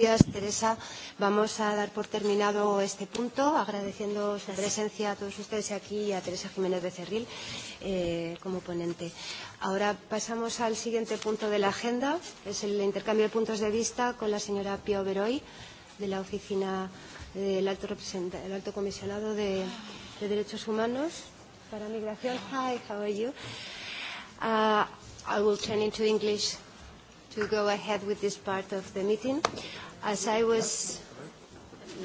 Gracias, Teresa. Vamos a dar por terminado este punto, agradeciendo su presencia a todos ustedes aquí y a Teresa Jiménez Becerril eh, como ponente. Ahora pasamos al siguiente punto de la agenda. Es el intercambio de puntos de vista con la señora Pio Beroy, de la Oficina del Alto, el Alto Comisionado de, de Derechos Humanos para Migración. Hi, how I will turn into English to go ahead with this part of the meeting as I was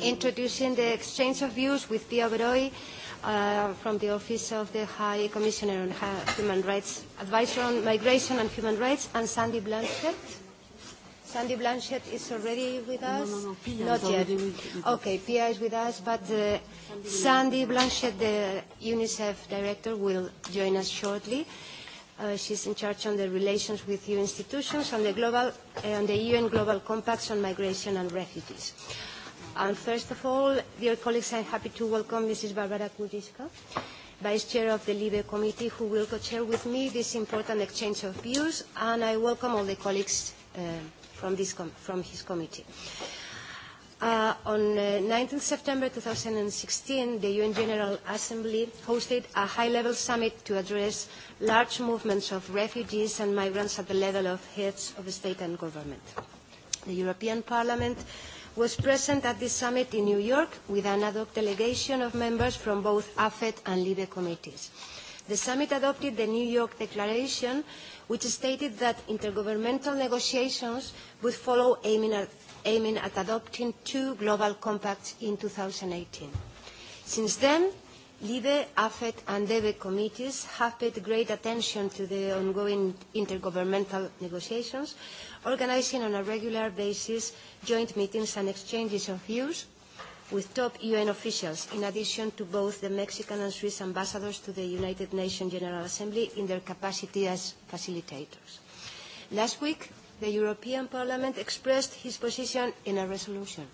introducing the exchange of views with Pia Broy from the Office of the High Commissioner on Human Rights, Advisor on Migration and Human Rights, and Sandy Blanchett. Sandy Blanchett is already with us? Not yet. Okay, Pia is with us, but Sandy Blanchett, the UNICEF Director, will join us shortly. She's in charge on the relations with EU institutions and the global and the UN Global Compacts on Migration and Refugees. And first of all, dear colleagues, I'm happy to welcome Mrs. Barbara Kudiska, Vice Chair of the LIBE Committee, who will co-chair with me this important exchange of views, and I welcome all the colleagues from his committee. On 19 September 2016, the UN General Assembly hosted a high-level summit to address large movements of refugees and migrants at the level of heads of state and government. The European Parliament was present at this summit in New York with an ad hoc delegation of members from both AFET and LIBE committees. The summit adopted the New York Declaration, which stated that intergovernmental negotiations would follow aiming at aiming at adopting two global compacts in 2018. Since then, LIBE, AFET and DEVE committees have paid great attention to the ongoing intergovernmental negotiations, organizing on a regular basis joint meetings and exchanges of views with top UN officials, in addition to both the Mexican and Swiss ambassadors to the United Nations General Assembly in their capacity as facilitators. Last week, the European Parliament expressed his position in a resolution.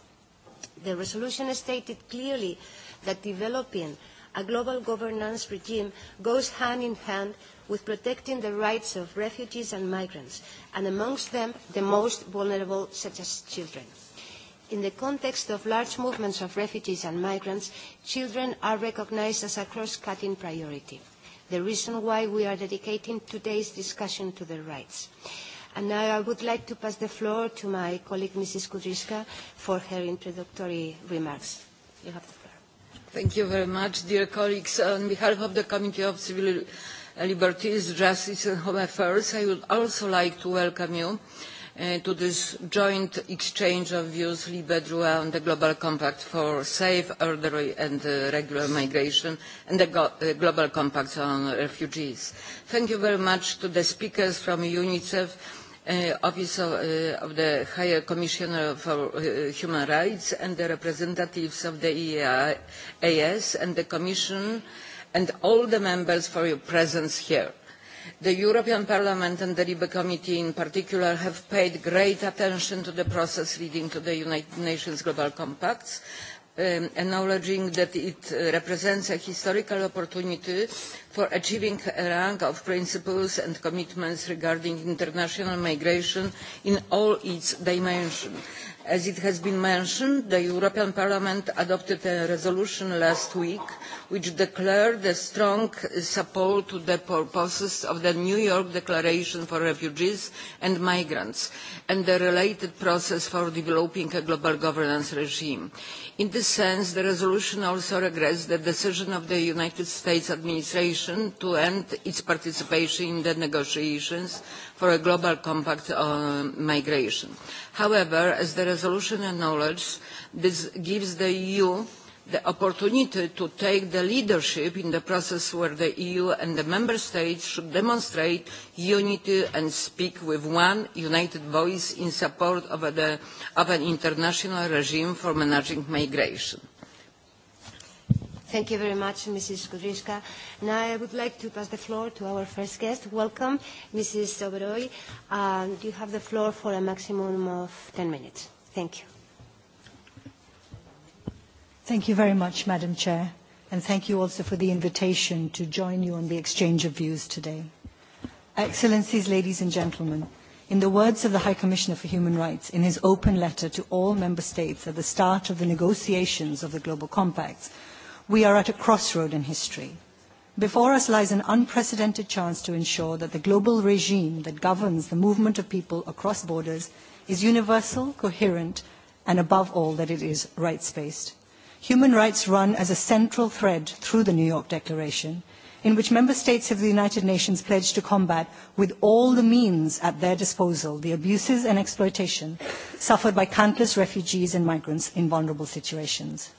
The resolution stated clearly that developing a global governance regime goes hand in hand with protecting the rights of refugees and migrants, and amongst them the most vulnerable, such as children. In the context of large movements of refugees and migrants, children are recognized as a cross-cutting priority, the reason why we are dedicating today's discussion to their rights. And now I would like to pass the floor to my colleague, Mrs. Kudryska, for her introductory remarks. You have the floor. Thank you very much, dear colleagues. On behalf of the Committee of Civil Liberties, Justice and Home Affairs, I would also like to welcome you to this joint exchange of views LIBE-DRUA on the Global Compact for Safe, Orderly and Regular Migration and the Global Compact on Refugees. Thank you very much to the speakers from UNICEF, Office of the High Commissioner for Human Rights and the representatives of the EAS and the Commission and all the members for your presence here. The European Parliament and the LIBE Committee in particular have paid great attention to the process leading to the United Nations Global Compacts, acknowledging that it represents a historical opportunity for achieving a rank of principles and commitments regarding international migration in all its dimensions. As it has been mentioned, the European Parliament adopted a resolution last week which declared a strong support to the purposes of the New York Declaration for Refugees and Migrants and the related process for developing a global governance regime. In this sense, the resolution also regrets the decision of the United States administration to end its participation in the negotiations for a global compact on migration. However, as the resolution acknowledges, this gives the EU the opportunity to take the leadership in the process where the EU and the Member States should demonstrate unity and speak with one united voice in support of an international regime for managing migration. Thank you very much, Mrs. Kudryska. Now I would like to pass the floor to our first guest. Welcome, Mrs. Oberoi. And you have the floor for a maximum of 10 minutes. Thank you. Thank you very much, Madam Chair, and thank you also for the invitation to join you on the exchange of views today. Excellencies, ladies and gentlemen, in the words of the High Commissioner for Human Rights in his open letter to all member states at the start of the negotiations of the Global Compacts, we are at a crossroad in history. Before us lies an unprecedented chance to ensure that the global regime that governs the movement of people across borders is universal, coherent, and above all that it is rights-based. Human rights run as a central thread through the New York Declaration, in which member states of the United Nations pledge to combat with all the means at their disposal the abuses and exploitation suffered by countless refugees and migrants in vulnerable situations.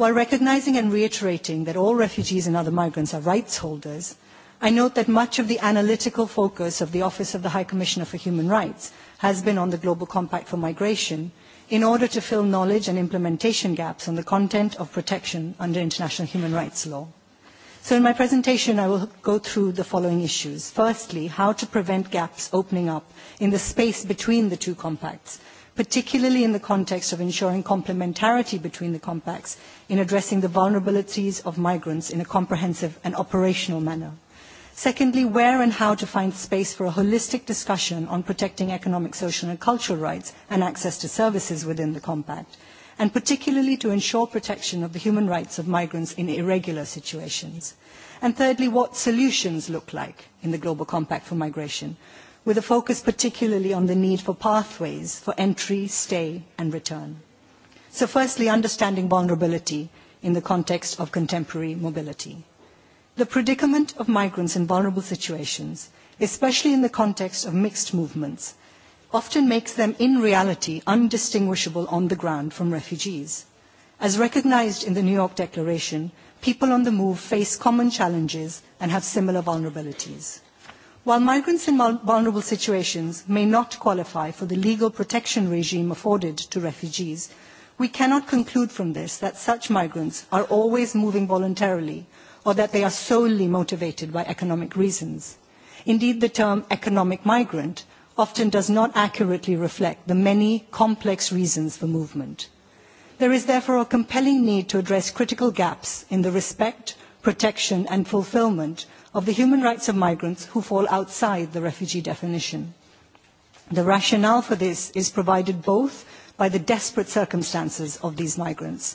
While recognising and reiterating that all refugees and other migrants are rights holders, I note that much of the analytical focus of the Office of the High Commissioner for Human Rights has been on the Global Compact for Migration in order to fill knowledge and implementation gaps on the content of protection under international human rights law. So in my presentation, I will go through the following issues. Firstly, how to prevent gaps opening up in the space between the two compacts particularly in the context of ensuring complementarity between the compacts in addressing the vulnerabilities of migrants in a comprehensive and operational manner. Secondly, where and how to find space for a holistic discussion on protecting economic, social and cultural rights and access to services within the compact, and particularly to ensure protection of the human rights of migrants in irregular situations. And thirdly, what solutions look like in the Global Compact for Migration with a focus particularly on the need for pathways for entry, stay and return. So firstly, understanding vulnerability in the context of contemporary mobility. The predicament of migrants in vulnerable situations, especially in the context of mixed movements, often makes them in reality undistinguishable on the ground from refugees. As recognised in the New York Declaration, people on the move face common challenges and have similar vulnerabilities. While migrants in vulnerable situations may not qualify for the legal protection regime afforded to refugees, we cannot conclude from this that such migrants are always moving voluntarily or that they are solely motivated by economic reasons. Indeed, the term economic migrant often does not accurately reflect the many complex reasons for movement. There is therefore a compelling need to address critical gaps in the respect, protection and fulfilment of the human rights of migrants who fall outside the refugee definition. The rationale for this is provided both by the desperate circumstances of these migrants,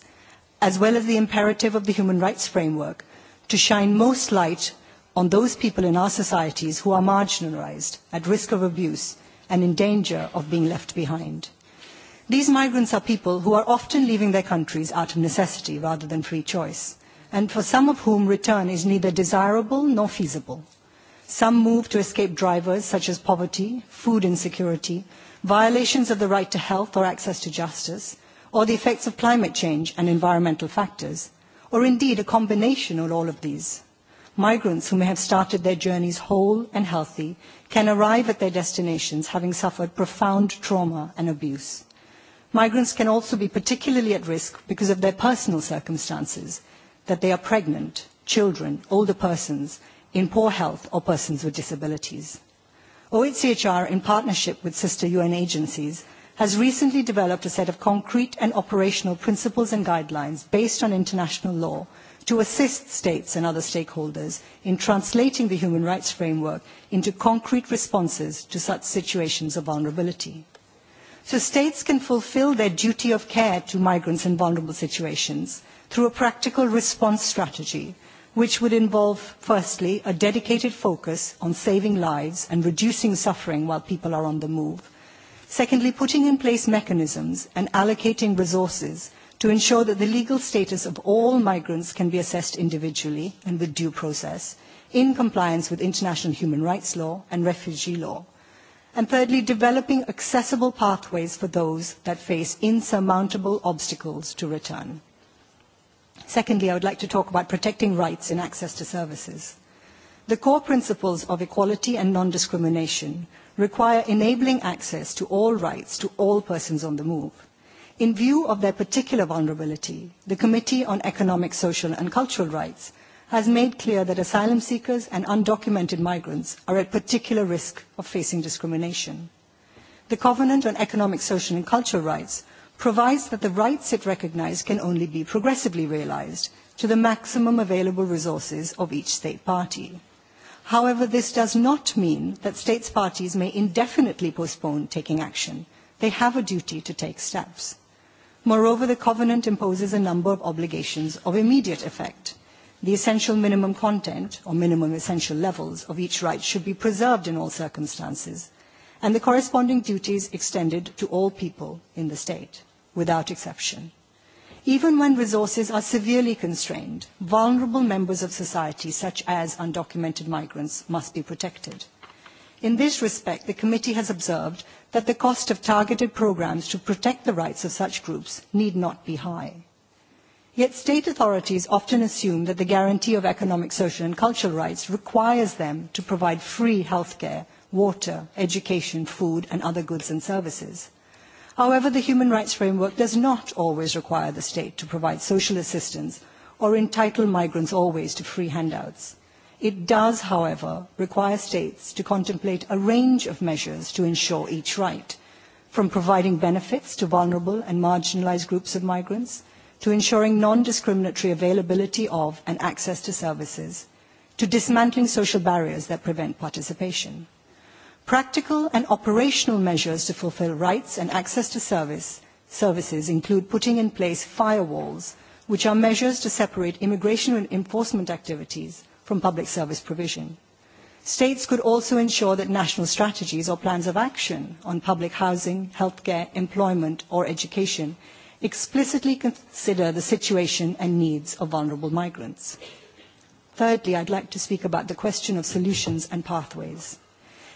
as well as the imperative of the human rights framework to shine most light on those people in our societies who are marginalised, at risk of abuse and in danger of being left behind. These migrants are people who are often leaving their countries out of necessity rather than free choice and for some of whom return is neither desirable nor feasible. Some move to escape drivers such as poverty, food insecurity, violations of the right to health or access to justice, or the effects of climate change and environmental factors, or indeed a combination of all of these. Migrants who may have started their journeys whole and healthy can arrive at their destinations having suffered profound trauma and abuse. Migrants can also be particularly at risk because of their personal circumstances that they are pregnant, children, older persons in poor health or persons with disabilities. OHCHR, in partnership with sister UN agencies, has recently developed a set of concrete and operational principles and guidelines based on international law to assist states and other stakeholders in translating the human rights framework into concrete responses to such situations of vulnerability. So states can fulfil their duty of care to migrants in vulnerable situations through a practical response strategy which would involve firstly a dedicated focus on saving lives and reducing suffering while people are on the move secondly putting in place mechanisms and allocating resources to ensure that the legal status of all migrants can be assessed individually and with due process in compliance with international human rights law and refugee law and thirdly developing accessible pathways for those that face insurmountable obstacles to return Secondly, I would like to talk about protecting rights in access to services. The core principles of equality and non-discrimination require enabling access to all rights to all persons on the move. In view of their particular vulnerability, the Committee on Economic, Social and Cultural Rights has made clear that asylum seekers and undocumented migrants are at particular risk of facing discrimination. The Covenant on Economic, Social and Cultural Rights provides that the rights it recognises can only be progressively realised to the maximum available resources of each state party. However, this does not mean that states parties may indefinitely postpone taking action. They have a duty to take steps. Moreover, the Covenant imposes a number of obligations of immediate effect. The essential minimum content, or minimum essential levels, of each right should be preserved in all circumstances and the corresponding duties extended to all people in the state, without exception. Even when resources are severely constrained, vulnerable members of society, such as undocumented migrants, must be protected. In this respect, the Committee has observed that the cost of targeted programmes to protect the rights of such groups need not be high. Yet state authorities often assume that the guarantee of economic, social and cultural rights requires them to provide free health care water, education, food and other goods and services. However, the human rights framework does not always require the state to provide social assistance or entitle migrants always to free handouts. It does, however, require states to contemplate a range of measures to ensure each right, from providing benefits to vulnerable and marginalised groups of migrants, to ensuring non-discriminatory availability of and access to services, to dismantling social barriers that prevent participation. Practical and operational measures to fulfil rights and access to services include putting in place firewalls, which are measures to separate immigration and enforcement activities from public service provision. States could also ensure that national strategies or plans of action on public housing, healthcare, employment or education explicitly consider the situation and needs of vulnerable migrants. Thirdly, I'd like to speak about the question of solutions and pathways.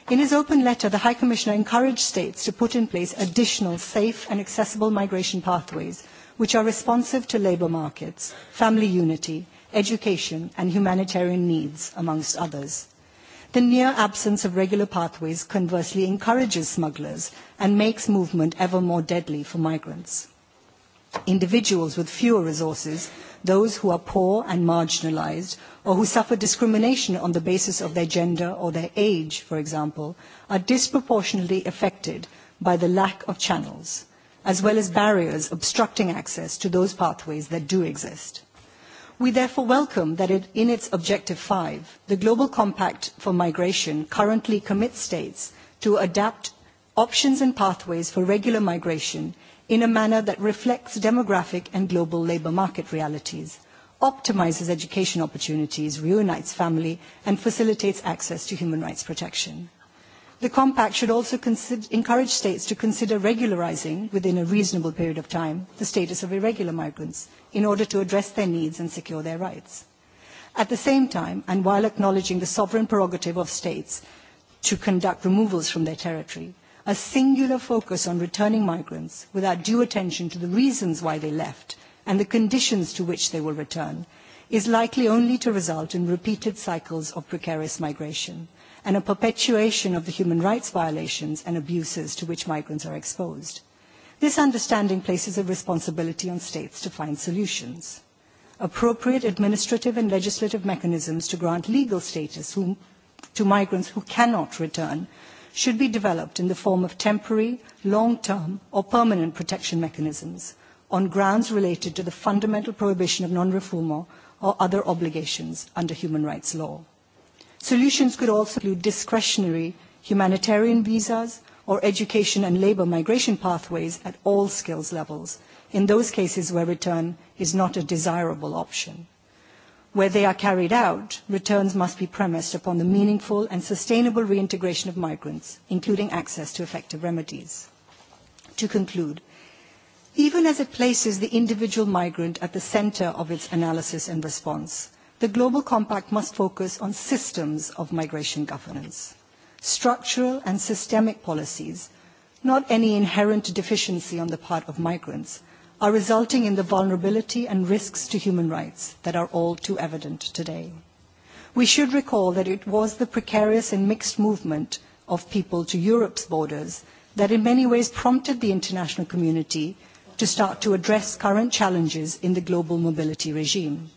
In his open letter, the High Commissioner encouraged states to put in place additional safe and accessible migration pathways which are responsive to labour markets, family unity, education and humanitarian needs, amongst others. The near absence of regular pathways conversely encourages smugglers and makes movement ever more deadly for migrants. Individuals with fewer resources those who are poor and marginalised or who suffer discrimination on the basis of their gender or their age, for example, are disproportionately affected by the lack of channels, as well as barriers obstructing access to those pathways that do exist. We therefore welcome that in its Objective 5, the Global Compact for Migration currently commits states to adapt options and pathways for regular migration in a manner that reflects demographic and global labour market realities, optimises education opportunities, reunites family, and facilitates access to human rights protection. The Compact should also encourage states to consider regularising, within a reasonable period of time, the status of irregular migrants in order to address their needs and secure their rights. At the same time, and while acknowledging the sovereign prerogative of states to conduct removals from their territory, a singular focus on returning migrants without due attention to the reasons why they left and the conditions to which they will return is likely only to result in repeated cycles of precarious migration and a perpetuation of the human rights violations and abuses to which migrants are exposed. This understanding places a responsibility on states to find solutions. Appropriate administrative and legislative mechanisms to grant legal status to migrants who cannot return should be developed in the form of temporary, long-term or permanent protection mechanisms on grounds related to the fundamental prohibition of non-refoulement or other obligations under human rights law. Solutions could also include discretionary humanitarian visas or education and labour migration pathways at all skills levels in those cases where return is not a desirable option where they are carried out, returns must be premised upon the meaningful and sustainable reintegration of migrants, including access to effective remedies. To conclude, even as it places the individual migrant at the centre of its analysis and response, the Global Compact must focus on systems of migration governance, structural and systemic policies, not any inherent deficiency on the part of migrants, are resulting in the vulnerability and risks to human rights that are all too evident today. We should recall that it was the precarious and mixed movement of people to Europe's borders that in many ways prompted the international community to start to address current challenges in the global mobility regime.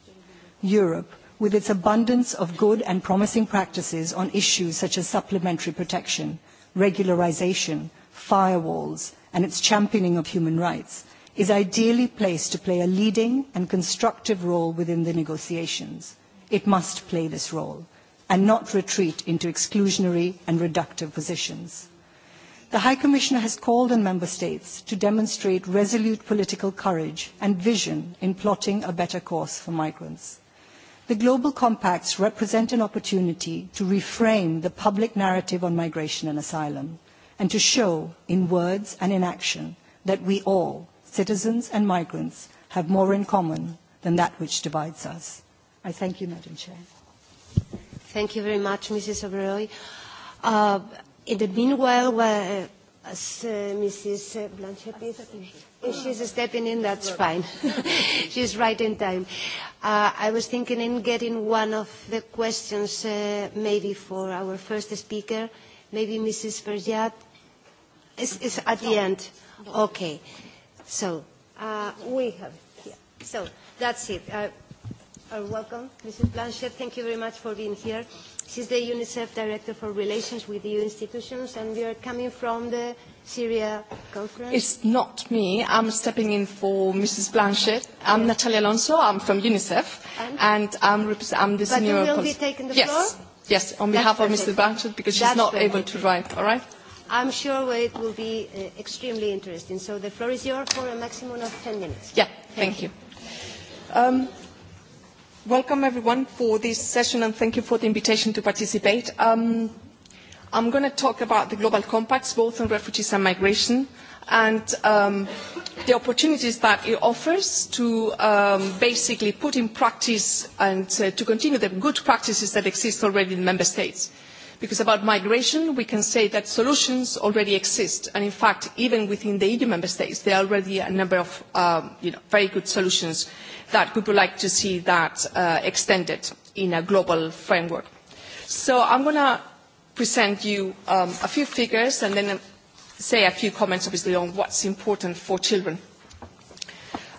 Europe, with its abundance of good and promising practices on issues such as supplementary protection, regularisation, firewalls, and its championing of human rights, is ideally placed to play a leading and constructive role within the negotiations. It must play this role and not retreat into exclusionary and reductive positions. The High Commissioner has called on Member States to demonstrate resolute political courage and vision in plotting a better course for migrants. The global compacts represent an opportunity to reframe the public narrative on migration and asylum and to show in words and in action that we all, citizens and migrants have more in common than that which divides us. I thank you, Madam Chair. Thank you very much, Mrs. Oberoi. In the meanwhile, as Mrs. Blanchett is, if she's stepping in, that's fine. She's right in time. I was thinking in getting one of the questions maybe for our first speaker, maybe Mrs. Verjat. Is at the end. Okay. So we have here. So that's it. Uh Welcome, Mrs. Blanchett. Thank you very much for being here. She's the UNICEF Director for Relations with EU Institutions, and we are coming from the Syria conference. It's not me. I'm stepping in for Mrs. Blanchett. I'm Natalia Alonso. I'm from UNICEF, and I'm the senior. But you will be taking the floor. Yes, yes, on behalf of Mrs. Blanchett because she's not able to write. All right. I'm sure it will be extremely interesting. So the floor is yours for a maximum of 10 minutes. Yeah, thank you. Welcome everyone for this session and thank you for the invitation to participate. I'm going to talk about the global compacts, both on refugees and migration, and the opportunities that it offers to basically put in practice and to continue the good practices that exist already in member states because about migration we can say that solutions already exist and in fact even within the eu member states there are already a number of very good solutions that we would like to see that extended in a global framework. so i'm going to present you a few figures and then say a few comments obviously on what's important for children.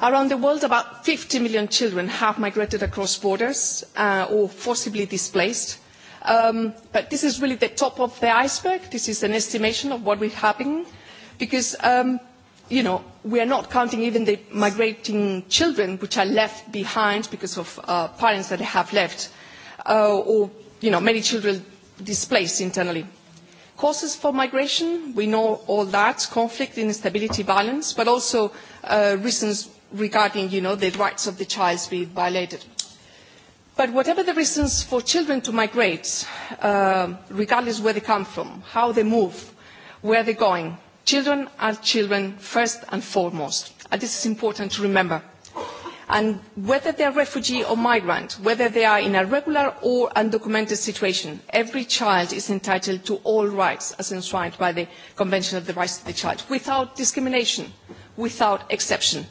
Around the world, about 50 million children have migrated across borders or forcibly displaced. But this is really the top of the iceberg. This is an estimation of what is happening, because we are not counting even the migrating children which are left behind because of parents that have left, or many children displaced internally. Causes for migration, we know all that, conflict, instability, violence, but also reasons regarding, the rights of the child being violated. But whatever the reasons for children to migrate, regardless where they come from, how they move, where they're going, children are children first and foremost. And this is important to remember. And whether they are refugee or migrant, whether they are in a regular or undocumented situation, every child is entitled to all rights as enshrined by the Convention of the Rights of the Child, without discrimination, without exception.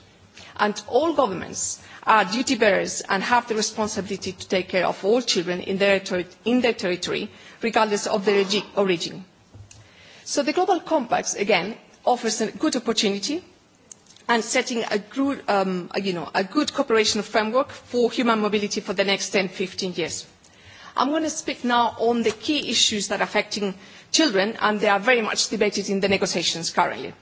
And all governments are duty bearers and have the responsibility to take care of all children in their territory, regardless of their origin. So the Global Compact, again, offers a good opportunity and setting a good cooperation framework for human mobility for the next 10-15 years. I am going to speak now on the key issues that are affecting children, and they are very much debated in the negotiations currently.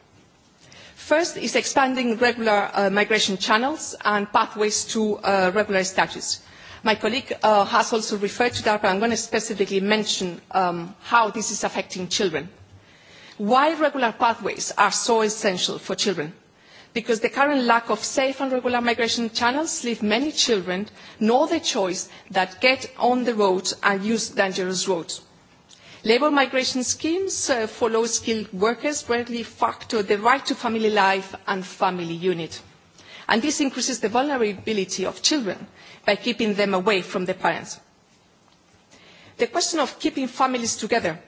First is expanding regular migration channels and pathways to regular status. My colleague has also referred to that, but am going to specifically mention how this is affecting children. Why regular pathways are so essential for children? Because the current lack of safe and regular migration channels leave many children no other choice that get on the road and use dangerous roads. Labour migration schemes for low-skilled workers greatly factor the right to family life and family unit. And this increases the vulnerability of children by keeping them away from their parents. The question of keeping families together.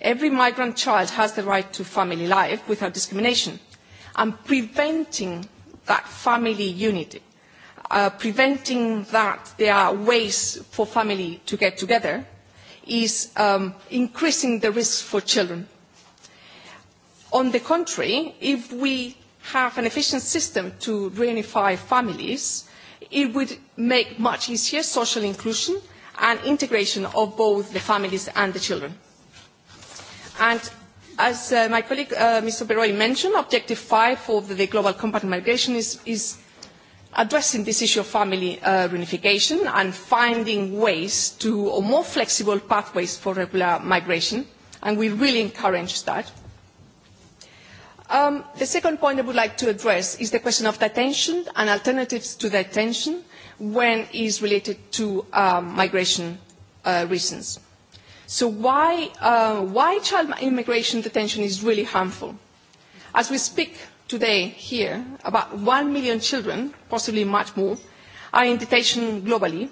Every migrant child has the right to family life without discrimination. And preventing that family unity, preventing that there are ways for family to get together, is increasing the risk for children. On the contrary, if we have an efficient system to reunify families, it would make much easier social inclusion and integration of both the families and the children. And as my colleague Mr. Beroy mentioned, Objective 5 of the Global Compact Migration is addressing this issue of family reunification and finding ways to more flexible pathways for regular migration, and we really encourage that. The second point I would like to address is the question of detention and alternatives to detention when it is related to migration reasons. So why child immigration detention is really harmful. As we speak, today here, about one million children, possibly much more, are in detention globally,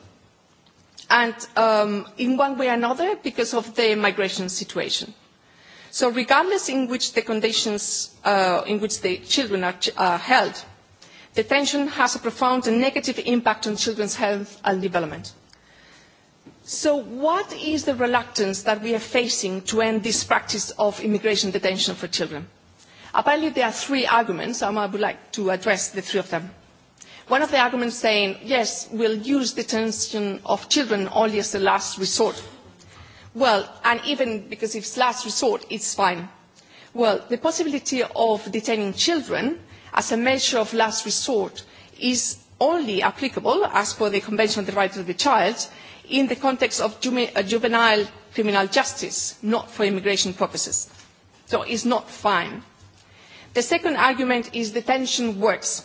and in one way or another because of the migration situation. So regardless in which the conditions in which the children are held, detention has a profound and negative impact on children's health and development. So what is the reluctance that we are facing to end this practice of immigration detention for children? Apparently, there are three arguments, and I would like to address the three of them. One of the arguments saying, yes, we'll use detention of children only as a last resort. Well, and even because it's last resort, it's fine. Well, the possibility of detaining children as a measure of last resort is only applicable, as per the Convention on the Rights of the Child, in the context of juvenile criminal justice, not for immigration purposes. So it's not fine. The second argument is detention works.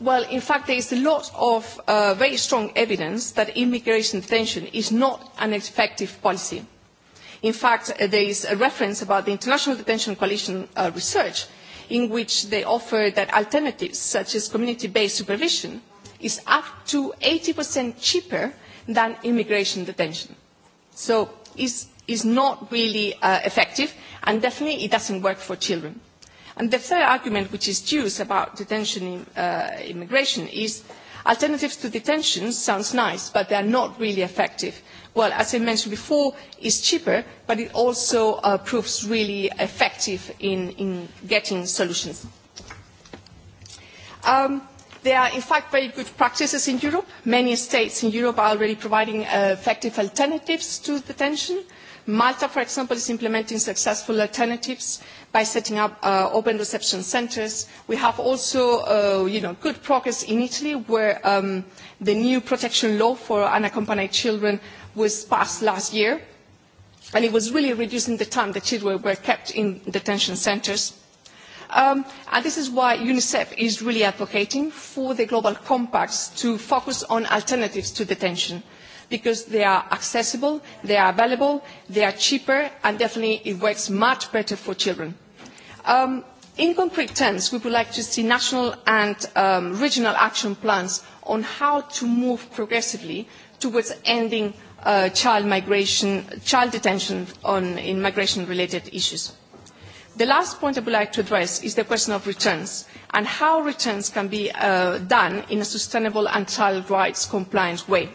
Well, in fact, there is a lot of very strong evidence that immigration detention is not an effective policy. In fact, there is a reference about the International Detention Coalition research in which they offer that alternatives such as community-based supervision is up to 80% cheaper than immigration detention. So it is not really effective and definitely it doesn't work for children. And the third argument which is used about detention in immigration is alternatives to detention sounds nice, but they are not really effective. Well, as I mentioned before, it's cheaper, but it also proves really effective in getting solutions. There are, in fact, very good practices in Europe. Many states in Europe are already providing effective alternatives to detention. Malta, for example, is implementing successful alternatives by setting up open reception centres. We have also good progress in Italy, where the new protection law for unaccompanied children was passed last year, and it was really reducing the time that children were kept in detention centres. And this is why UNICEF is really advocating for the global compacts to focus on alternatives to detention because they are accessible, they are available, they are cheaper, and definitely it works much better for children. In concrete terms, we would like to see national and regional action plans on how to move progressively towards ending child migration, child detention in migration-related issues. The last point I would like to address is the question of returns and how returns can be done in a sustainable and child rights compliant way.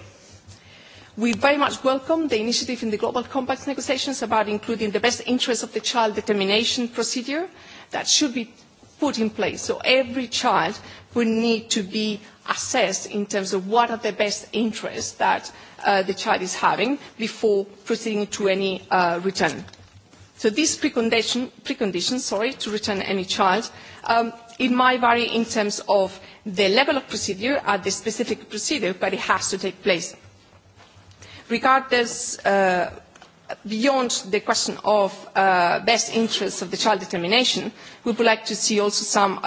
We very much welcome the initiative in the Global Compact negotiations about including the best interest of the child determination procedure that should be put in place. So every child will need to be assessed in terms of what are the best interests that the child is having before proceeding to any return. So these preconditions sorry, to return any child, it might vary in terms of the level of procedure at the specific procedure, but it has to take place. Regardless, beyond the question of best interests of the child determination, we would like to see also some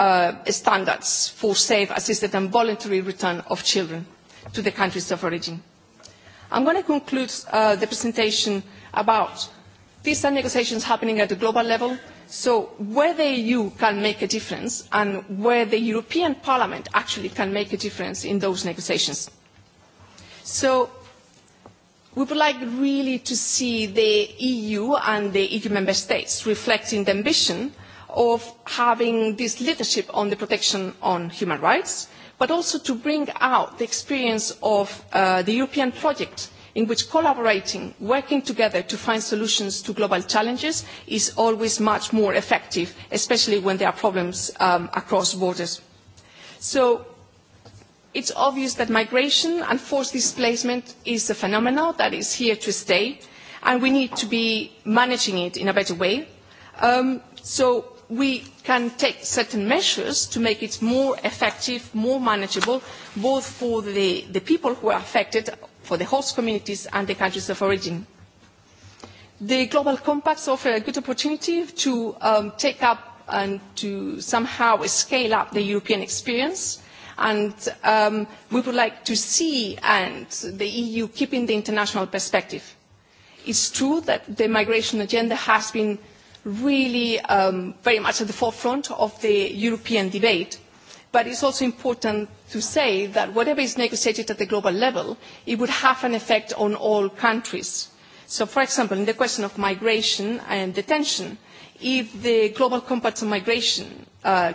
standards for safe, assisted and voluntary return of children to the countries of origin. I'm going to conclude the presentation about These are negotiations happening at a global level, so where the EU can make a difference and where the European Parliament actually can make a difference in those negotiations. So we would like really to see the EU and the EU member states reflecting the ambition of having this leadership on the protection on human rights, but also to bring out the experience of the European project in which collaborating, working together to find solutions to global challenges is always much more effective, especially when there are problems across borders. So it's obvious that migration and forced displacement is a phenomenon that is here to stay, and we need to be managing it in a better way. So we can take certain measures to make it more effective, more manageable, both for the people who are affected for the host communities and the countries of origin. The global compacts offer a good opportunity to take up and to somehow scale up the European experience and we would like to see and the EU keeping the international perspective. It's true that the migration agenda has been really very much at the forefront of the European debate But it is also important to say that whatever is negotiated at the global level, it would have an effect on all countries. So, for example, in the question of migration and detention, if the Global Compact on Migration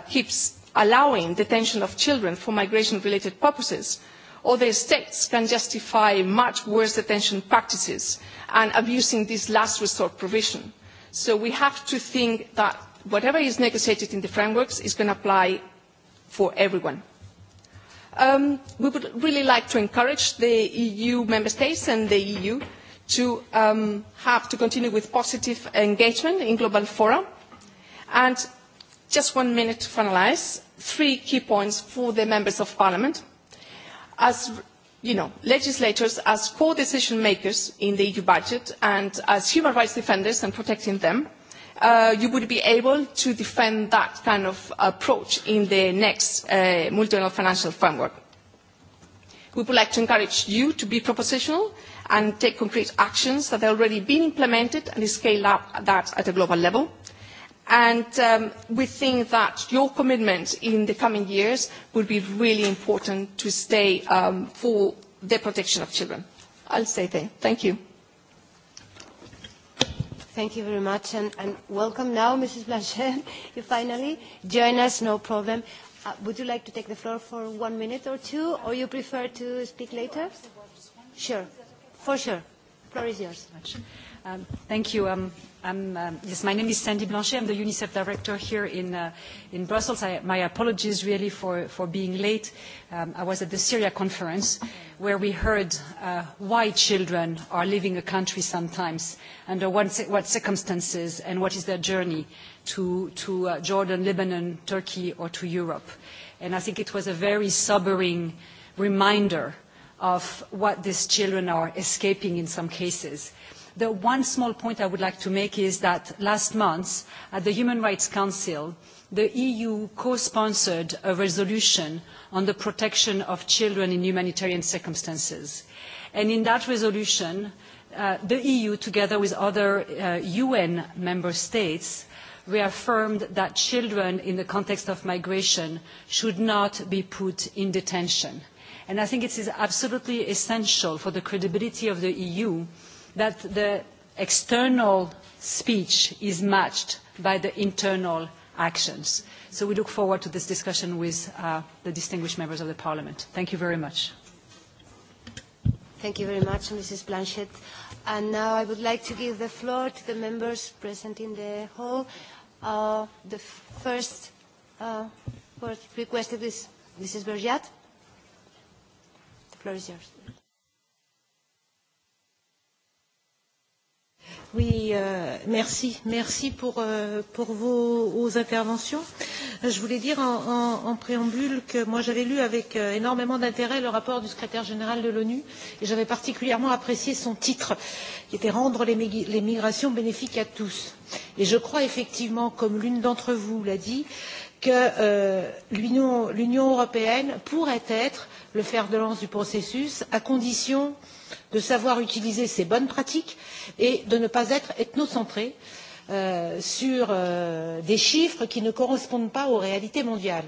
keeps allowing detention of children for migration-related purposes, other states can justify much worse detention practices and abusing this last resort provision. So we have to think that whatever is negotiated in the frameworks is going to apply for everyone. We would really like to encourage the EU member states and the EU to have to continue with positive engagement in global fora. And just one minute to finalise, three key points for the members of parliament. As you know, legislators, as co-decision makers in the EU budget and as human rights defenders and protecting them, you would be able to defend that kind of approach in the next multiannual financial framework. We would like to encourage you to be propositional and take concrete actions that have already been implemented and scale up that at a global level. And we think that your commitment in the coming years would be really important to stay for the protection of children. I'll stay there. Thank you. Thank you very much, and, and welcome now, Mrs. Blanchet. You finally join us, no problem. would you like to take the floor for one minute or two, or you prefer to speak later? Sure, for sure. floor is yours. Thank you. my name is Sandy Blanchet. I'm the UNICEF director here in Brussels. My apologies really for being late. I was at the Syria conference where we heard why children are leaving a country sometimes, under what circumstances, and what is their journey to Jordan, Lebanon, Turkey, or to Europe. And I think it was a very sobering reminder of what these children are escaping in some cases The one small point I would like to make is that last month at the Human Rights Council, the EU co-sponsored a resolution on the protection of children in humanitarian circumstances. And in that resolution, the EU, together with other UN member states, reaffirmed that children in the context of migration should not be put in detention. And I think it is absolutely essential for the credibility of the EU that the external speech is matched by the internal actions. So we look forward to this discussion with the distinguished members of the Parliament. Thank you very much. Thank you very much, Mrs. Blanchett. And now I would like to give the floor to the members present in the hall. The first requested is Mrs. Bergiat. The floor is yours. Oui, merci. Merci pour vos interventions. Je voulais dire en préambule que moi j'avais lu avec énormément d'intérêt le rapport du secrétaire général de l'ONU et j'avais particulièrement apprécié son titre qui était Rendre les migrations bénéfiques à tous. Et je crois effectivement, comme l'une d'entre vous l'a dit, que l'Union européenne pourrait être le fer de lance du processus à condition de savoir utiliser ces bonnes pratiques et de ne pas être ethnocentré sur des chiffres qui ne correspondent pas aux réalités mondiales.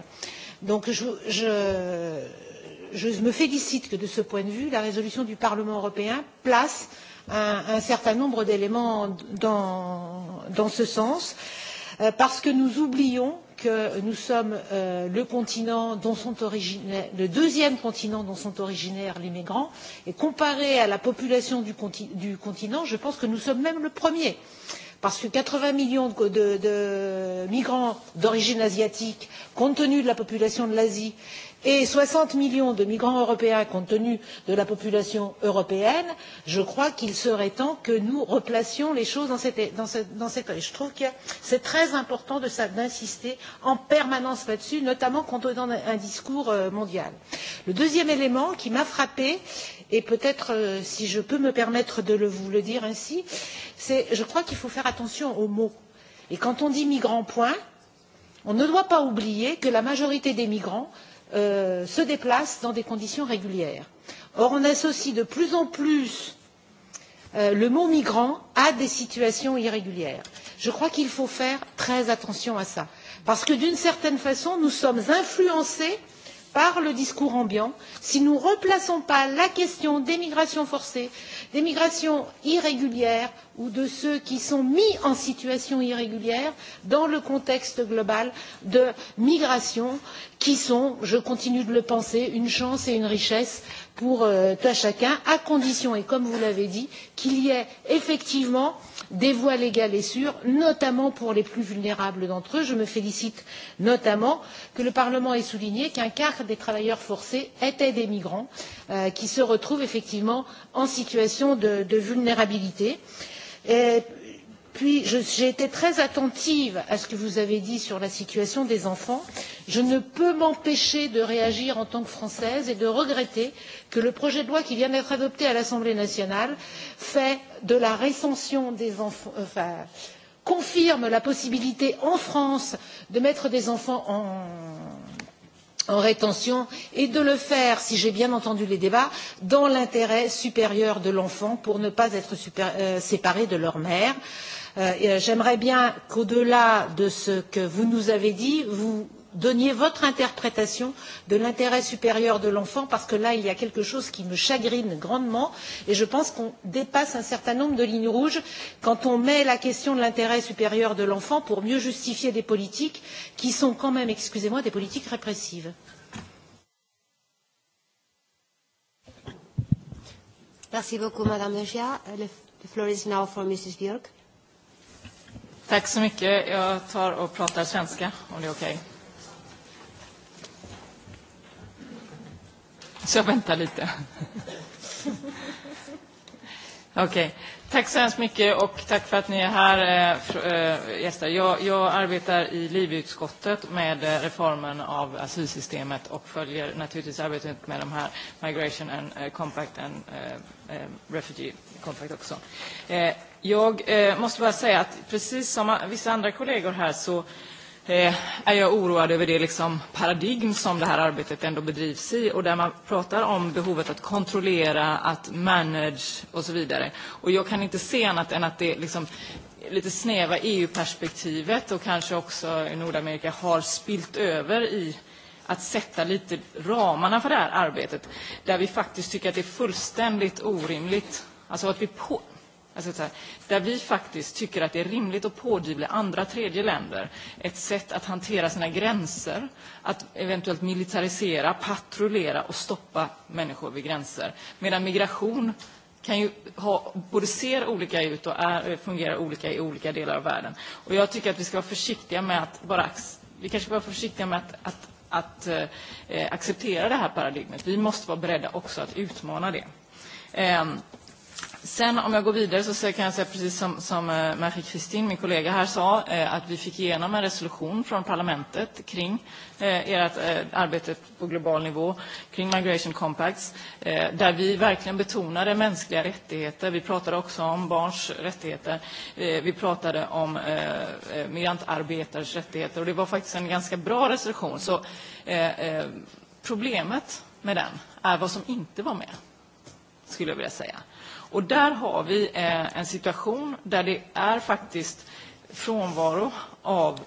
donc je me félicite que de ce point de vue la résolution du parlement européen place un certain nombre d'éléments dans ce sens parce que nous oublions que nous sommes le continent dont le deuxième continent dont sont originaires les migrants et comparé à la population du continent je pense que nous sommes même le premier parce que quatre vingts millions de migrants d'origine asiatique compte tenu de la population de l'asie et soixante millions de migrants européens compte tenu de la population européenne je crois qu'il serait temps que nous replacions les choses dans cet ordre. je trouve que c'est très important d'insister en permanence là dessus notamment quand on est dans un discours mondial. le deuxième élément qui m'a frappé et peut être si je peux me permettre de vous le dire ainsi c'est je crois qu'il faut faire attention aux mots et quand on dit migrants point on ne doit pas oublier que la majorité des migrants se déplacent dans des conditions régulières. Or, on associe de plus en plus le mot migrant à des situations irrégulières. Je crois qu'il faut faire très attention à ça, parce que, d'une certaine façon, nous sommes influencés par le discours ambiant si nous ne replaçons pas la question des migrations forcées des migrations irrégulières ou de ceux qui sont mis en situation irrégulière dans le contexte global de migrations qui sont je continue de le penser une chance et une richesse pour tout un chacun, à condition, et comme vous l'avez dit, qu'il y ait effectivement des voies légales et sûres, notamment pour les plus vulnérables d'entre eux. Je me félicite notamment que le Parlement ait souligné qu'un quart des travailleurs forcés étaient des migrants qui se retrouvent effectivement en situation de vulnérabilité puis j'ai été très attentive à ce que vous avez dit sur la situation des enfants je ne peux m'empêcher de réagir en tant que française et de regretter que le projet de loi qui vient d'être adopté à l'assemblée nationale confirme la possibilité en france de mettre des enfants en rétention et de le faire si j'ai bien entendu les débats dans l'intérêt supérieur de l'enfant pour ne pas être séparé de leur mère. J'aimerais bien qu'au-delà de ce que vous nous avez dit, vous donniez votre interprétation de l'intérêt supérieur de l'enfant, parce que là, il y a quelque chose qui me chagrine grandement, et je pense qu'on dépasse un certain nombre de lignes rouges quand on met la question de l'intérêt supérieur de l'enfant pour mieux justifier des politiques qui sont quand même, excusez-moi, des politiques répressives. Merci beaucoup, Madame Le Tack så mycket. Jag tar och pratar svenska om det är okej. Så jag väntar lite. Okej. Tack så hemskt mycket och tack för att ni är här, gäster. Jag, jag arbetar i livutskottet med reformen av asylsystemet och följer naturligtvis arbetet med de här Migration and Compact and Refugee Compact också. Jag måste bara säga att precis som vissa andra kollegor här så är jag oroad över det liksom paradigm som det här arbetet ändå bedrivs i och där man pratar om behovet att kontrollera, att manage och så vidare. Och jag kan inte se annat än att det liksom lite snäva EU-perspektivet och kanske också i Nordamerika har spilt över i att sätta lite ramarna för det här arbetet där vi faktiskt tycker att det är fullständigt orimligt. Alltså att vi på där vi faktiskt tycker att det är rimligt att pådyvla andra tredje länder ett sätt att hantera sina gränser, att eventuellt militarisera, patrullera och stoppa människor vid gränser. Medan migration kan ju ha, både ser olika ut och är, fungerar olika i olika delar av världen. Och jag tycker att vi ska vara försiktiga med att bara, vi kanske ska vara försiktiga med att, att, att acceptera det här paradigmet. Vi måste vara beredda också att utmana det. Sen om jag går vidare så kan jag säga precis som, som Marie-Kristin, min kollega här, sa att vi fick igenom en resolution från parlamentet kring ert arbete på global nivå kring Migration Compacts där vi verkligen betonade mänskliga rättigheter. Vi pratade också om barns rättigheter. Vi pratade om migrantarbetares rättigheter och det var faktiskt en ganska bra resolution. Så problemet med den är vad som inte var med, skulle jag vilja säga. Och där har vi en situation där det är faktiskt frånvaro av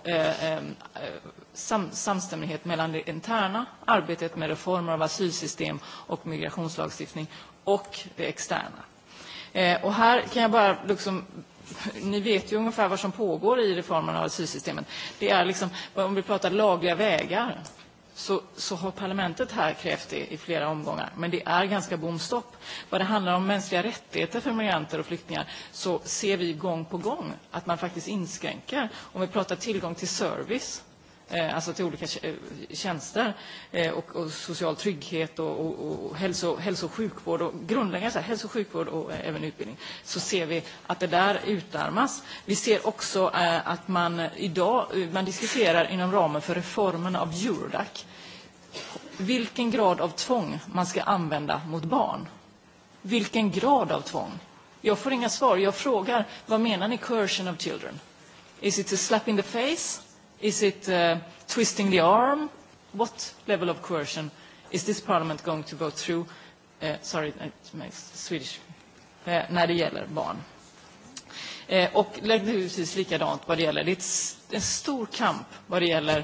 samstämmighet mellan det interna arbetet med reformer av asylsystem och migrationslagstiftning och det externa. Och här kan jag bara liksom ni vet ju ungefär vad som pågår i reformen av asylsystemet. Det är liksom, om vi pratar lagliga vägar, så, så har parlamentet här krävt det i flera omgångar. Men det är ganska bomstopp. Vad det handlar om mänskliga rättigheter för migranter och flyktingar så ser vi gång på gång att man faktiskt inskränker. Om vi pratar tillgång till service alltså till olika tjänster och social trygghet och hälso och sjukvård och grundläggande hälso och sjukvård och även utbildning så ser vi att det där utarmas. Vi ser också att man idag man diskuterar inom ramen för reformen av Eurodac vilken grad av tvång man ska använda mot barn. Vilken grad av tvång? Jag får inga svar. Jag frågar, vad menar ni coercion of children? Is it a slap in the face? Is it twisting the arm? What level of coercion is this parliament going to go through? Sorry, Swedish. När det gäller barn. Och naturligtvis likadant vad det gäller. Det är en stor kamp vad det gäller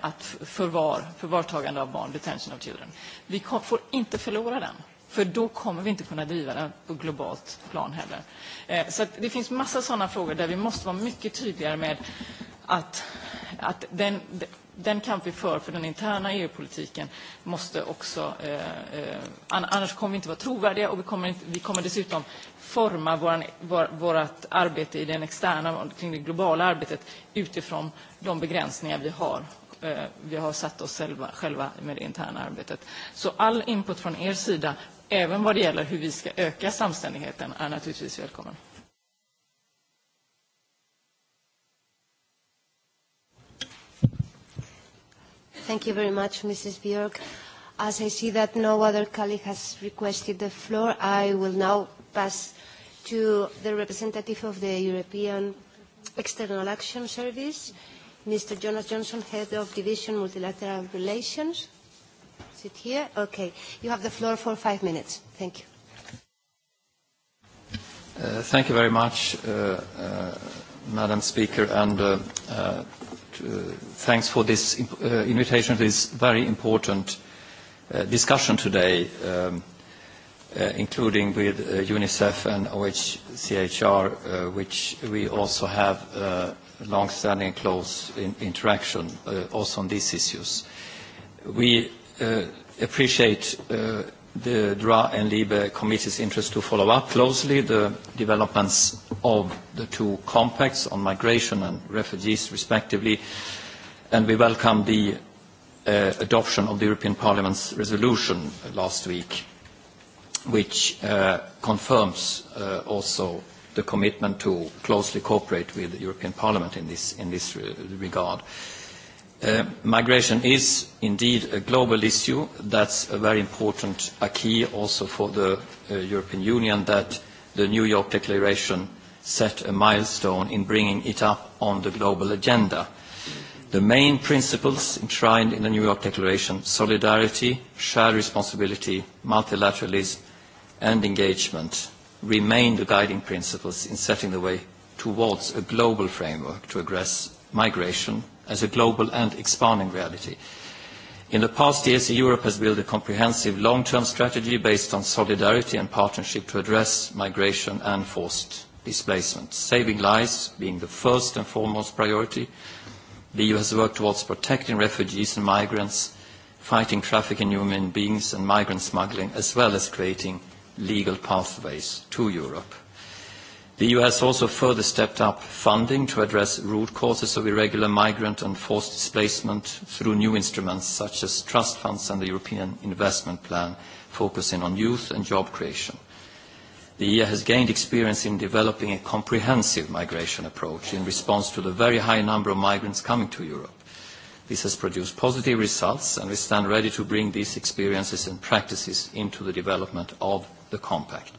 att förvar, förvartagande av barn, detention of children. Vi får inte förlora den. För då kommer vi inte kunna driva den på globalt plan heller. Så det finns massa sådana frågor där vi måste vara mycket tydligare med att den den kamp vi för för den interna EU-politiken måste också... Annars kommer vi inte vara trovärdiga och vi kommer, vi kommer dessutom forma vårt arbete i den externa, kring det globala arbetet utifrån de begränsningar vi har. Vi har satt oss själva med det interna arbetet. Så all input från er sida även vad det gäller hur vi ska öka samstämmigheten, är naturligtvis välkommen. Thank you very much, Mrs. Björk. As I see that no other colleague has requested the floor, I will now pass to the representative of the European External Action Service, Mr. Jonas Johnson, Head of Division Multilateral Relations sit here? Okay. You have the floor for five minutes. Thank you. Thank you very much, Madam Speaker, and thanks for this invitation to this very important discussion today, including with UNICEF and OHCHR, which we also have long-standing close interaction also on these issues. We appreciate the DRA and LIBE committees' interest to follow up closely the developments of the two compacts on migration and refugees, respectively, and we welcome the adoption of the European Parliament's resolution last week, which confirms also the commitment to closely cooperate with the European Parliament in this regard. Migration is indeed a global issue. is a very important acquis also for the European Union that the New York Declaration set a milestone in bringing it up on the global agenda. The main principles enshrined in the New York Declaration, solidarity, shared responsibility, multilateralism and engagement, remain the guiding principles in setting the way towards a global framework to address migration as a global and expanding reality. In the past years, Europe has built a comprehensive long-term strategy based on solidarity and partnership to address migration and forced displacement. Saving lives being the first and foremost priority, the EU has worked towards protecting refugees and migrants, fighting trafficking in human beings and migrant smuggling, as well as creating legal pathways to Europe. The EU has also further stepped up funding to address root causes of irregular migrant and forced displacement through new instruments such as trust funds and the European Investment Plan, focusing on youth and job creation. The EU has gained experience in developing a comprehensive migration approach in response to the very high number of migrants coming to Europe. This has produced positive results, and we stand ready to bring these experiences and practices into the development of the Compact.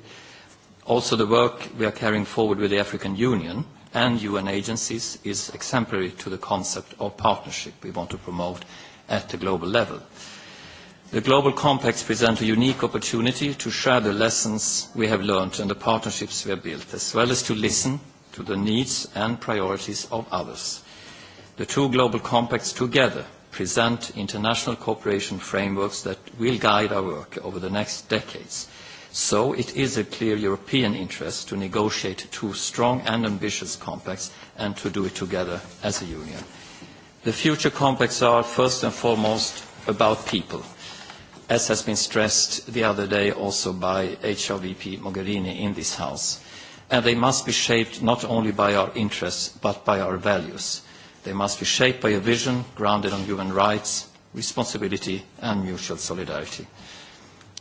Also, the work we are carrying forward with the African Union and UN agencies is exemplary to the concept of partnership we want to promote at the global level. The global compacts present a unique opportunity to share the lessons we have learned and the partnerships we have built, as well as to listen to the needs and priorities of others. The two global compacts together present international cooperation frameworks that will guide our work over the next decades. So it is a clear European interest to negotiate two strong and ambitious compacts and to do it together as a union. The future compacts are first and foremost about people, as has been stressed the other day also by HRVP Mogherini in this House. And they must be shaped not only by our interests but by our values. They must be shaped by a vision grounded on human rights, responsibility and mutual solidarity.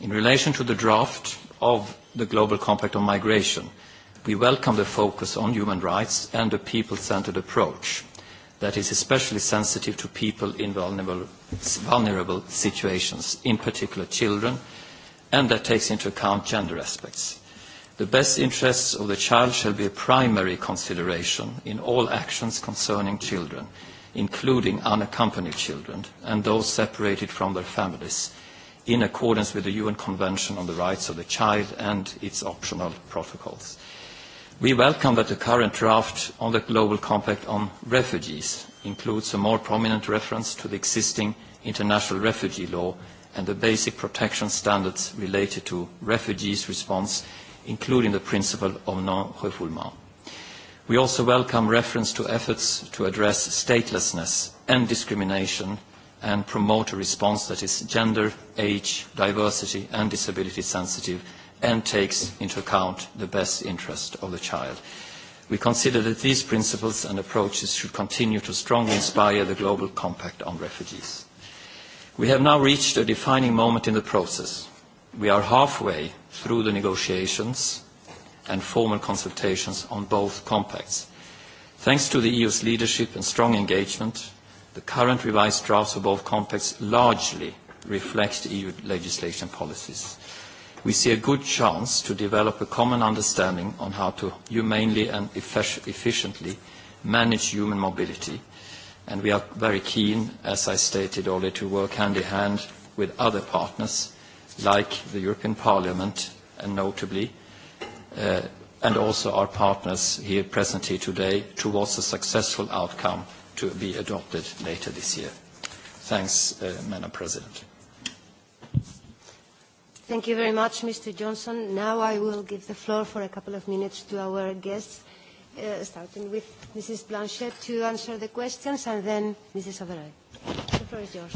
In relation to the draft, of the Global Compact on Migration, we welcome the focus on human rights and a people centred approach that is especially sensitive to people in vulnerable situations, in particular children, and that takes into account gender aspects. The best interests of the child shall be a primary consideration in all actions concerning children, including unaccompanied children and those separated from their families, in accordance with the UN Convention on the Rights of the Child and its optional protocols. We welcome that the current draft on the Global Compact on Refugees includes a more prominent reference to the existing international refugee law and the basic protection standards related to refugees' response, including the principle of non-refoulement. We also welcome reference to efforts to address statelessness and discrimination and promote a response that is gender, age, diversity and disability sensitive and takes into account the best interest of the child. We consider that these principles and approaches should continue to strongly inspire the Global Compact on Refugees. We have now reached a defining moment in the process. We are halfway through the negotiations and formal consultations on both compacts. Thanks to the EU's leadership and strong engagement, The current revised drafts of both compacts largely reflect EU legislation policies. We see a good chance to develop a common understanding on how to humanely and efficiently manage human mobility, and we are very keen, as I stated earlier, to work hand-in-hand with other partners like the European Parliament and notably, and also our partners here present here today, towards a successful outcome to be adopted later this year. Thanks, Madam President. Thank you very much, Mr. Johnson. Now I will give the floor for a couple of minutes to our guests, starting with Mrs. Blanchet to answer the questions, and then Mrs. Averay. The floor is yours.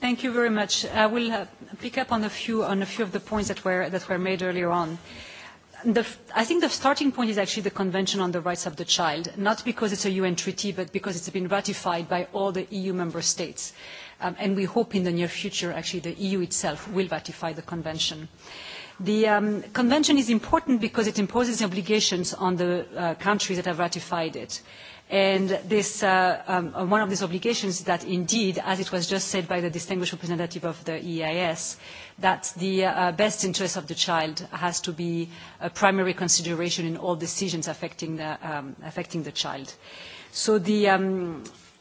Thank you very much. I will pick up on a few of the points that were made earlier on. I think the starting point is actually the Convention on the Rights of the Child, not because it's a UN treaty, but because it's been ratified by all the EU member states. And we hope in the near future, actually, the EU itself will ratify the Convention. The Convention is important because it imposes obligations on the countries that have ratified it. And one of these obligations is that, indeed, as it was just said by the distinguished representative of the EIS, that the best interest of the child has to be a primary consideration in all decisions affecting the child. So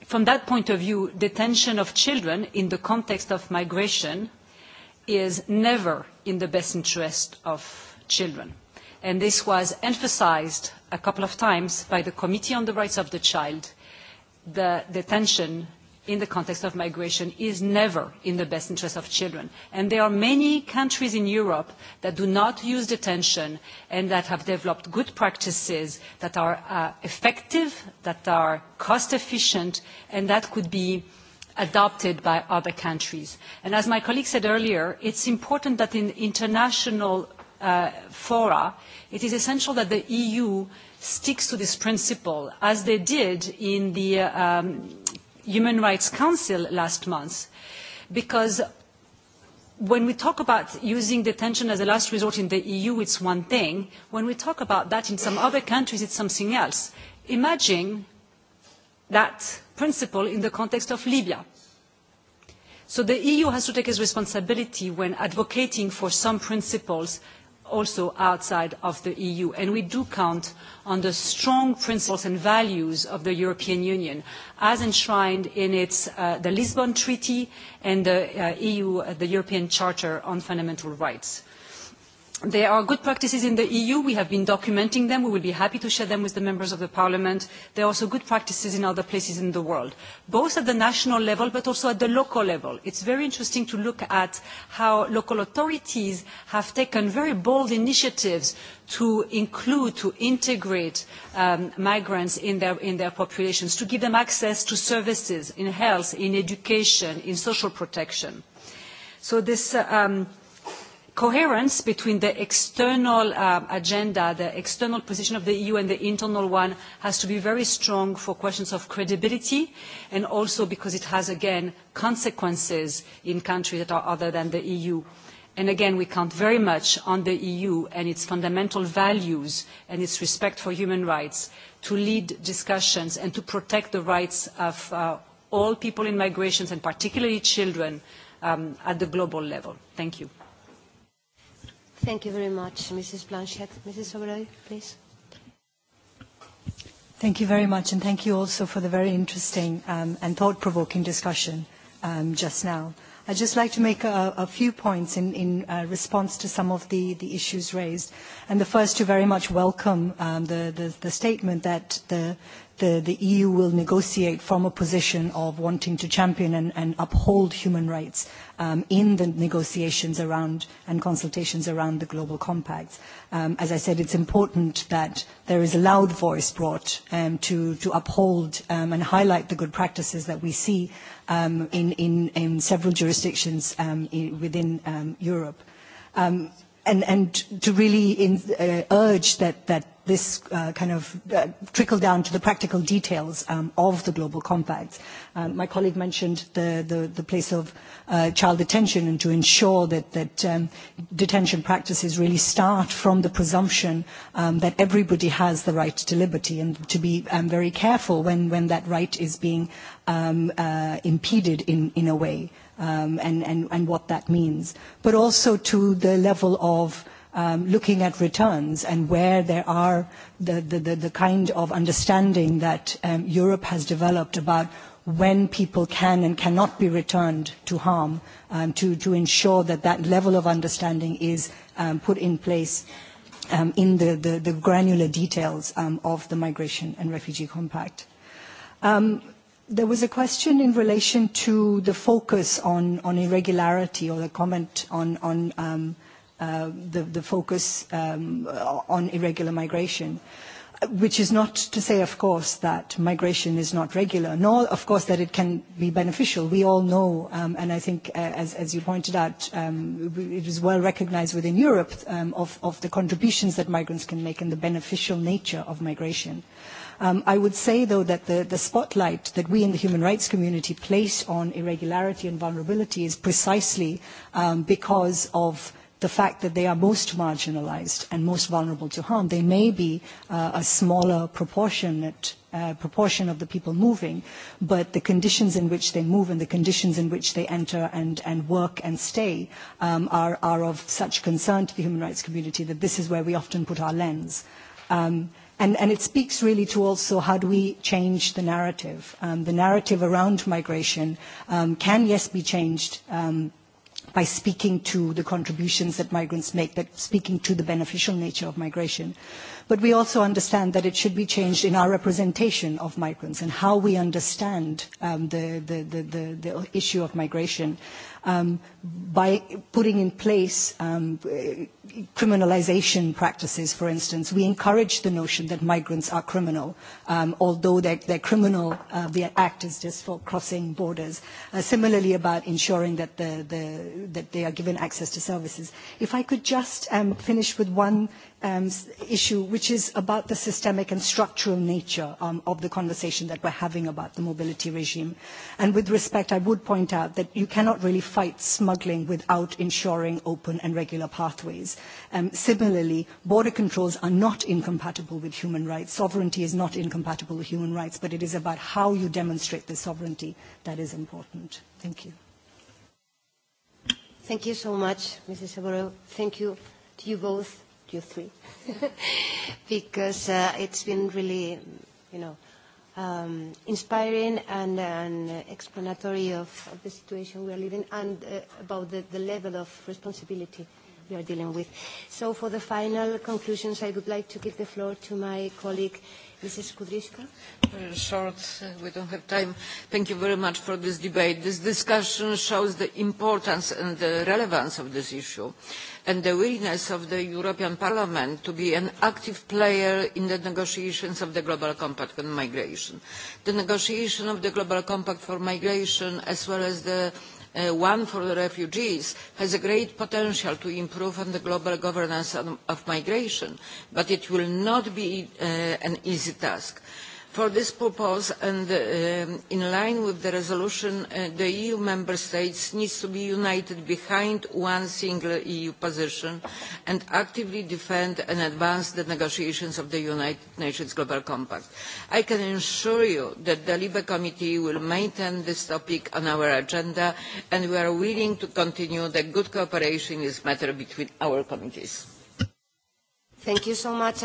from that point of view, detention of children in the context of migration is never in the best interest of children. And this was emphasized a couple of times by the Committee on the Rights of the Child, the detention in the context of migration is never in the best interest of children. And there are many countries in Europe that do not use detention and that have developed good practices that are effective, that are cost efficient, and that could be adopted by other countries. And as my colleague said earlier, it's important that in international fora, it is essential that the EU sticks to this principle, as they did in the Human Rights Council last month, because when we talk about using detention as a last resort in the EU, it's one thing. When we talk about that in some other countries, it's something else. Imagine that principle in the context of Libya. So the EU has to take its responsibility when advocating for some principles also outside of the EU. And we do count on the strong principles and values of the European Union as enshrined in the Lisbon Treaty and the European Charter on Fundamental Rights. There are good practices in the EU. We have been documenting them. We will be happy to share them with the members of the Parliament. There are also good practices in other places in the world, both at the national level but also at the local level. It's very interesting to look at how local authorities have taken very bold initiatives to include, to integrate migrants in their populations, to give them access to services in health, in education, in social protection. So this coherence between the external agenda, the external position of the EU and the internal one has to be very strong for questions of credibility and also because it has, again, consequences in countries that are other than the EU. And again, we count very much on the EU and its fundamental values and its respect for human rights to lead discussions and to protect the rights of all people in migrations and particularly children at the global level. Thank you. Thank you very much, Mrs. Blanchet. Mrs. please. Thank you very much, and thank you also for the very interesting and thought-provoking discussion just now. I'd just like to make a few points in in response to some of the issues raised. And the first to very much welcome the the statement that the the EU will negotiate from a position of wanting to champion and uphold human rights in the negotiations around and consultations around the Global Compact. As I said, it's important that there is a loud voice brought to uphold and highlight the good practices that we see in several jurisdictions within Europe and to really urge that that this kind of trickle down to the practical details of the global compacts. My colleague mentioned the place of child detention and to ensure that detention practices really start from the presumption that everybody has the right to liberty and to be very careful when that right is being impeded in a way and what that means, but also to the level of looking at returns and where there are the kind of understanding that Europe has developed about when people can and cannot be returned to harm, to ensure that that level of understanding is put in place in the granular details of the Migration and Refugee Compact. There was a question in relation to the focus on irregularity or the comment on the focus on irregular migration, which is not to say, of course, that migration is not regular, nor, of course, that it can be beneficial. We all know, and I think, as you pointed out, it is well recognized within Europe of the contributions that migrants can make and the beneficial nature of migration. I would say, though, that the spotlight that we in the human rights community place on irregularity and vulnerability is precisely because of the fact that they are most marginalized and most vulnerable to harm. They may be a smaller proportionate proportion of the people moving, but the conditions in which they move and the conditions in which they enter and work and stay are of such concern to the human rights community that this is where we often put our lens. And it speaks really to also how do we change the narrative. The narrative around migration can, yes, be changed by speaking to the contributions that migrants make, by speaking to the beneficial nature of migration. But we also understand that it should be changed in our representation of migrants and how we understand the issue of migration by putting in place criminalization practices, for instance. We encourage the notion that migrants are criminal, although their criminal act is just for crossing borders. Similarly, about ensuring that they are given access to services. If I could just finish with one issue, which is about the systemic and structural nature of the conversation that we are having about the mobility regime. And with respect, I would point out that you cannot really fight smuggling without ensuring open and regular pathways. Similarly, border controls are not incompatible with human rights. Sovereignty is not incompatible with human rights, but it is about how you demonstrate the sovereignty that is important. Thank you. Thank you so much, Mrs. Saburo. Thank you to you both you three, because it's been really, you know, um, inspiring and, explanatory of, the situation we are living and about the, the level of responsibility we are dealing with. So for the final conclusions, I would like to give the floor to my colleague, Mrs. Kudryska. Very short. We don't have time. Thank you very much for this debate. This discussion shows the importance and the relevance of this issue and the willingness of the European Parliament to be an active player in the negotiations of the Global Compact on Migration. The negotiation of the Global Compact for Migration, as well as the one for the refugees, has a great potential to improve on the global governance of migration, but it will not be an easy task. For this purpose and in line with the resolution, the EU member states need to be united behind one single EU position and actively defend and advance the negotiations of the United Nations Global Compact. I can assure you that the LIBE Committee will maintain this topic on our agenda and we are willing to continue the good cooperation in this matter between our committees. Thank you so much.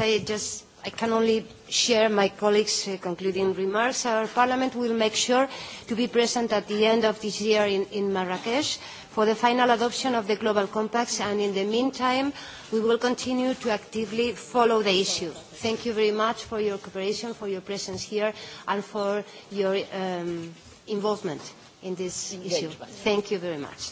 I can only share my colleagues' concluding remarks. Our Parliament will make sure to be present at the end of this year in Marrakesh for the final adoption of the Global Compact and in the meantime, we will continue to actively follow the issue. Thank you very much for your cooperation, for your presence here, and for your involvement in this issue. Thank you very much.